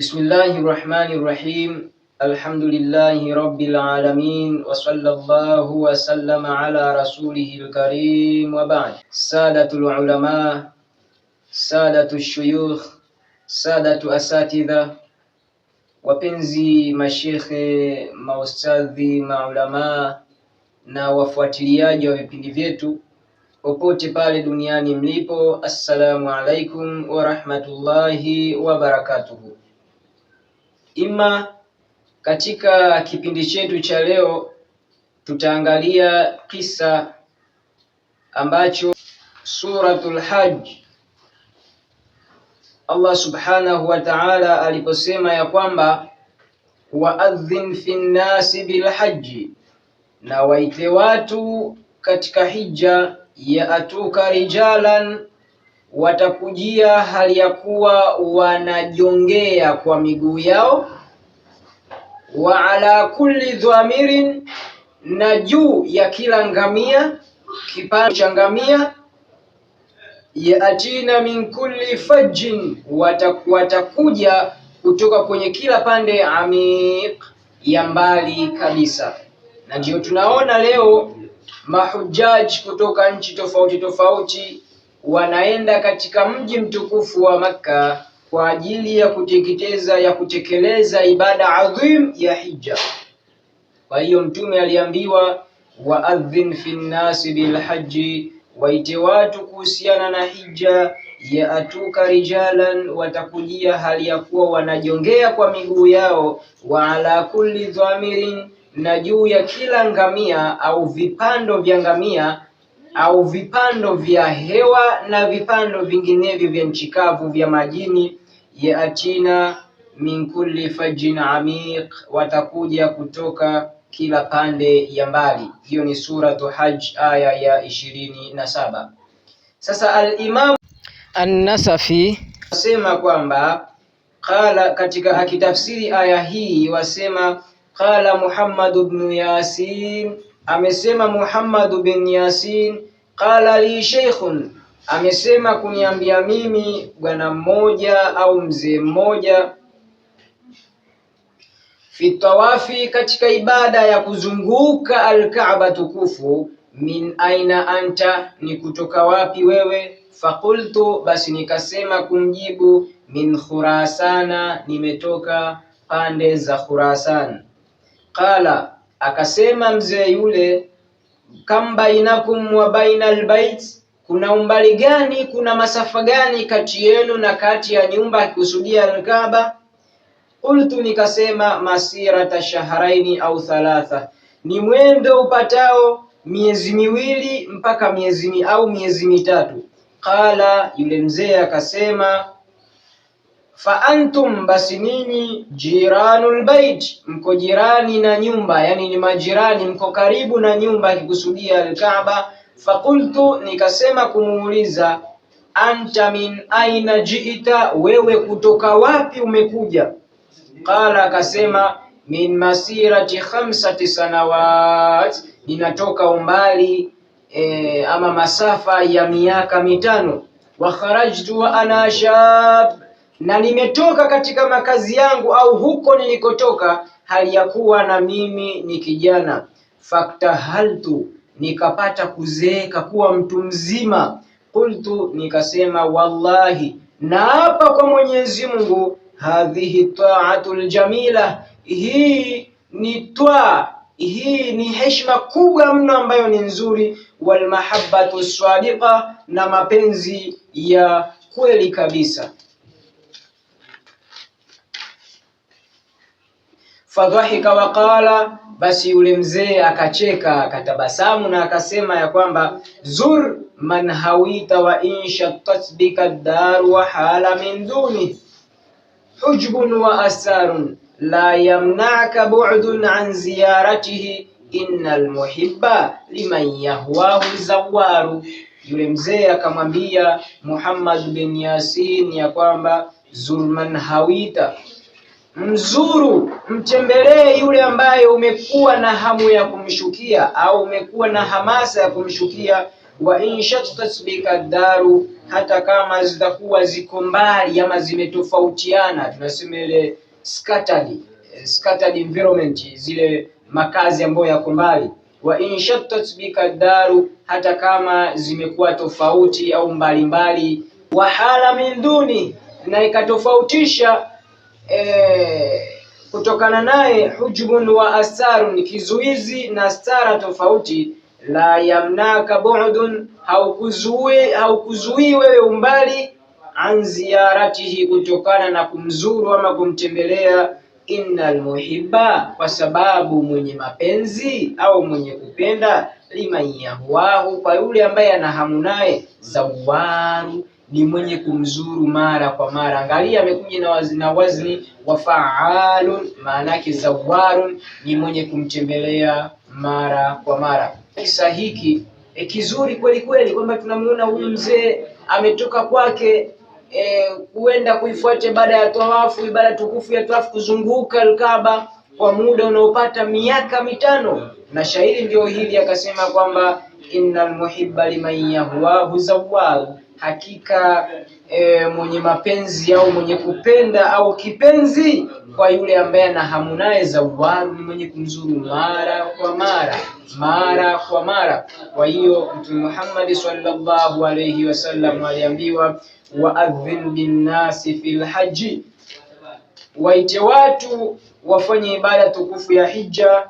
Bismillahirrahmanirrahim. Alhamdulillahi rabbil alamin wa sallallahu wa sallama ala rasulihil karim wa ba'd. Sadatul ulama, سادة shuyukh, سادة asatidha, wapenzi mashekhe, maustadhi, maulamaa na wafuatiliaji wa vipindi vyetu popote pale duniani mlipo, assalamu alaikum wa rahmatullahi Ima katika kipindi chetu cha leo tutaangalia kisa ambacho Suratul Hajj Allah subhanahu wa ta'ala aliposema ya kwamba waadhin fi nnasi bilhaji, na waite watu katika hija, ya atuka rijalan watakujia hali ya kuwa wanajongea kwa miguu yao, wa ala kulli dhamirin, na juu ya kila ngamia kipande cha ngamia, yatina min kulli fajjin, watakuja kutoka kwenye kila pande amiq, ya mbali kabisa. Na ndio tunaona leo mahujaji kutoka nchi tofauti tofauti wanaenda katika mji mtukufu wa Makka kwa ajili ya kuteketeza ya kutekeleza ibada adhim ya hija. Kwa hiyo Mtume aliambiwa waadhin fi nnasi bilhaji, waite watu kuhusiana na hija. Ya atuka rijalan, watakujia hali ya kuwa wanajongea kwa miguu yao. Wa ala kulli dhamirin, na juu ya kila ngamia au vipando vya ngamia au vipando vya hewa na vipando vinginevyo vya nchi kavu vya majini, yaatina min kulli fajin amiq, watakuja kutoka kila pande ya mbali. Hiyo ni suratu Hajj aya ya ishirini na saba. Sasa al-Imam An-Nasafi wasema kwamba qala, katika akitafsiri aya hii wasema qala Muhammad ibn Yasin Amesema Muhammad bin Yasin, qala li sheikhun, amesema kuniambia mimi bwana mmoja au mzee mmoja, fitawafi katika ibada ya kuzunguka Alkaaba tukufu. Min aina anta, ni kutoka wapi wewe? Fakultu, basi nikasema kumjibu, min Khurasana, nimetoka pande za Khurasan. Qala Akasema mzee yule, kam bainakum wa bainal bait, kuna umbali gani, kuna masafa gani kati yenu na kati ya nyumba, akikusudia Alkaaba. Qultu, nikasema masirata shahraini au thalatha, ni mwendo upatao miezi miwili mpaka miezi au miezi mitatu. Qala, yule mzee akasema fa antum, basi ninyi jiranul bait, mko jirani na nyumba, yani ni majirani, mko karibu na nyumba, akikusudia Alkaaba. Fakultu, nikasema kumuuliza, anta min aina jiita, wewe kutoka wapi umekuja? Qala, akasema min masirati khamsati sanawat, ninatoka umbali e, ama masafa ya miaka mitano. Wa kharajtu wa ana shab na nimetoka katika makazi yangu au huko nilikotoka, hali ya kuwa na mimi ni kijana. Faktahaltu, nikapata kuzeeka kuwa mtu mzima. Qultu, nikasema wallahi, naapa kwa Mwenyezi Mungu, hadhihi taatul jamila, hii ni twaa hii ni heshima kubwa mno ambayo ni nzuri, walmahabbatu sadiqa, na mapenzi ya kweli kabisa. fadhahika waqala, basi yule mzee akacheka akatabasamu na akasema ya kwamba zur man hawita wa insha tasbika dar wa hala min duni hujbun wa asarun la yamna'ka bu'dun an ziyaratihi innal muhibba liman yahwahu zawaru. Yule mzee akamwambia Muhammad bin Yasin ya kwamba zur man hawita mzuru, mtembelee yule ambaye umekuwa na hamu ya kumshukia au umekuwa na hamasa ya kumshukia. wa inshatat daru, hata kama zitakuwa ziko mbali ama zimetofautiana, tunasema ile scattered eh, scattered environment, zile makazi ambayo yako mbali. wa inshatat daru, hata kama zimekuwa tofauti au mbalimbali. wahala min duni, na ikatofautisha Eh, kutokana naye hujbun wa astarun, ni kizuizi na stara tofauti. La yamnaka bu'dun, haukuzui haukuzui wewe umbali an ziyaratihi, kutokana na kumzuru ama kumtembelea. Innal muhibba, kwa sababu mwenye mapenzi au mwenye kupenda. Liman yahwahu, kwa yule ambaye ana hamu naye. Zawaru ni mwenye kumzuru mara kwa mara. Angalia, amekuja na wazni, na wazni wa faalun, maana yake zawarun, ni mwenye kumtembelea mara kwa mara. Kisa hiki e, kizuri kweli kweli, kwamba tunamuona huyu mzee ametoka kwake eh, kuenda e, kuifuata baada ya tawafu, ibada tukufu ya tawafu, kuzunguka Alkaba kwa muda unaopata miaka mitano, na shahidi ndio hili akasema kwamba innal muhibba liman yahwahu zawwaru hakika e, mwenye mapenzi au mwenye kupenda au kipenzi kwa yule ambaye anahamunize auwaru ni mwenye kumzuru mara kwa mara mara kwa mara. Kwa hiyo Mtume Muhammad sallallahu alayhi wasallam aliambiwa, waadhin binnasi fil haji, waite watu wafanye ibada tukufu ya hija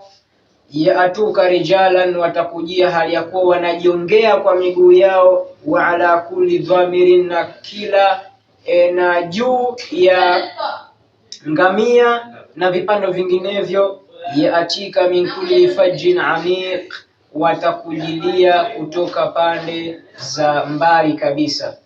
yaatuka rijalan, watakujia hali ya kuwa wanajiongea kwa miguu yao. Wa ala kulli dhamirin, na kila e, na juu ya ngamia na vipando vinginevyo. Yaatika min kulli fajjin amiq, watakujilia kutoka pande za mbali kabisa.